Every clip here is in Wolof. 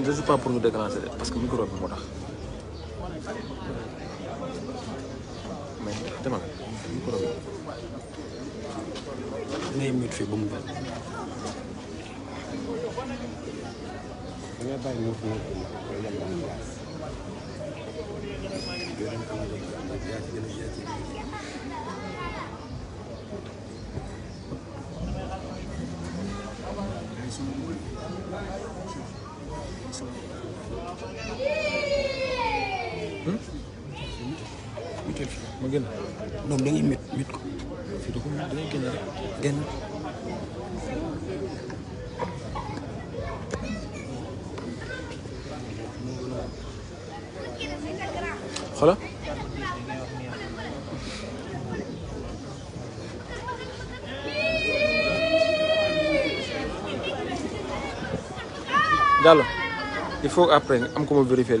man je suis pas pour ñu déclencher de parce que micro bi moo tax mais demal micro bi. ngay mute fii ba Hmm? ma génn. donc da ngay mit mit ko. fii da ko mit da ngay il faut après am ko ma vérifier.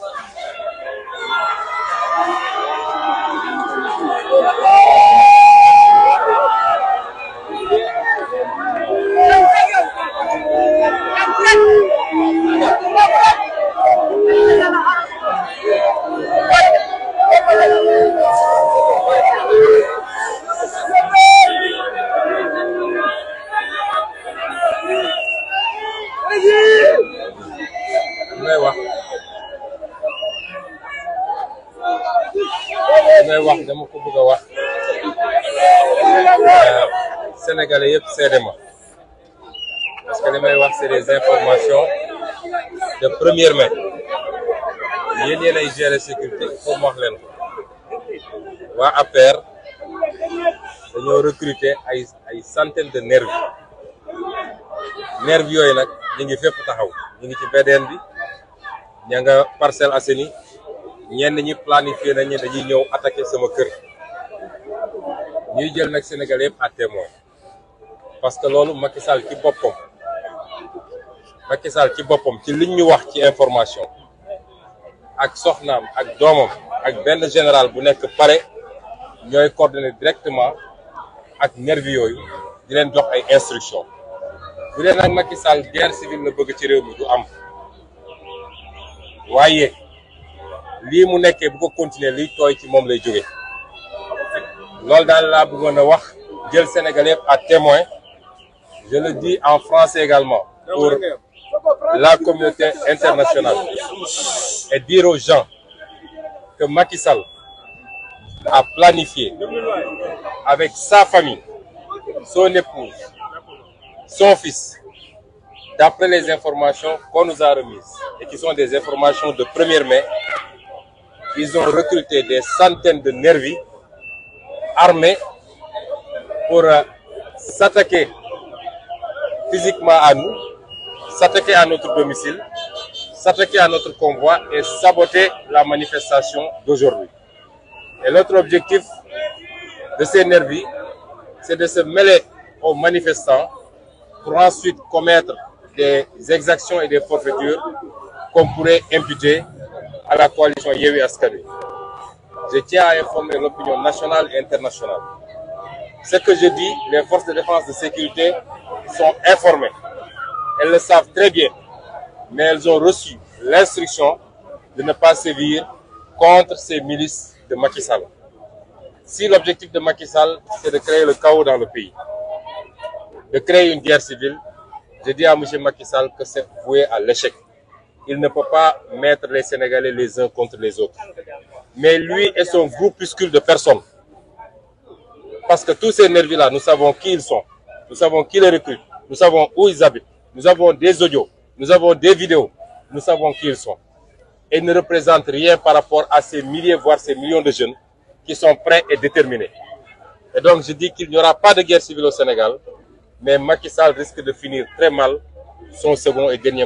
li may wax dama ko bëgg a wax euh, sénégalais yëpp seede ma parce que li may wax c'est des informations de première main yéen yéen ay gérer sécurité foofu ma wax leen ko recruter ay ay de nervis nervis yooyu nag ñi ngi fépp taxaw ñu ngi ci BDN bi ña nga Parcelles ñenn ñi nañ nañu dañuy ñëw attaqué sama kër ñuy jël nag Sénégalais yëpp à témoin parce que loolu Macky Sall ci boppam Macky ci boppam ci liñ ñu wax ci information ak soxnaam ak doomam ak benn général bu nekk pare ñooy coordonner directement ak nervi yooyu di leen jox ay instruction bu leen nag Macky Sall guerre civile la bëgg ci réew mi du am waaye. lii mu nekkee bu ko continuer liy tooy ci moom lay jóge loolu daal laa bëggoon a wax jël Sénégalais à témoin je le dis en français également pour la communauté internationale et dire aux gens que Macky a planifié avec sa famille, son épouse, son fils, d'après les informations qu'on nous a remises et qui sont des informations de première main. ils ont recruté des centaines de nervis armés pour euh, s'attaquer physiquement à nous, s'attaquer à notre domicile, s'attaquer à notre convoi et saboter la manifestation d'aujourd'hui. Et l'autre objectif de ces nervis, c'est de se mêler aux manifestants pour ensuite commettre des exactions et des forfaitures qu'on pourrait imputer à la coalition Yewwi Askan Wi je tiens à informer l'opinion nationale et internationale ce que je dis les forces de défense de sécurité sont informées elles le savent très bien mais elles ont reçu l'instruction de ne pas sévir contre ces milices de Macky Sall si l'objectif de Macky c'est de créer le chaos dans le pays de créer une guerre civile je dis à monsieur Macky Sall que c'est voué à l'échec il ne peut pas mettre les Sénégalais les uns contre les autres. Mais lui et son groupuscule de personnes, parce que tous ces nervis-là, nous savons qui ils sont, nous savons qui les recrutent, nous savons où ils habitent, nous avons des audios, nous avons des vidéos, nous savons qui ils sont. Et ne représentent par rapport à ces milliers, voire ces millions de jeunes qui sont prêts et déterminés. Et donc je dis qu'il n'y aura pas de guerre civile au Sénégal, mais Macky Sall de finir très son second et dernier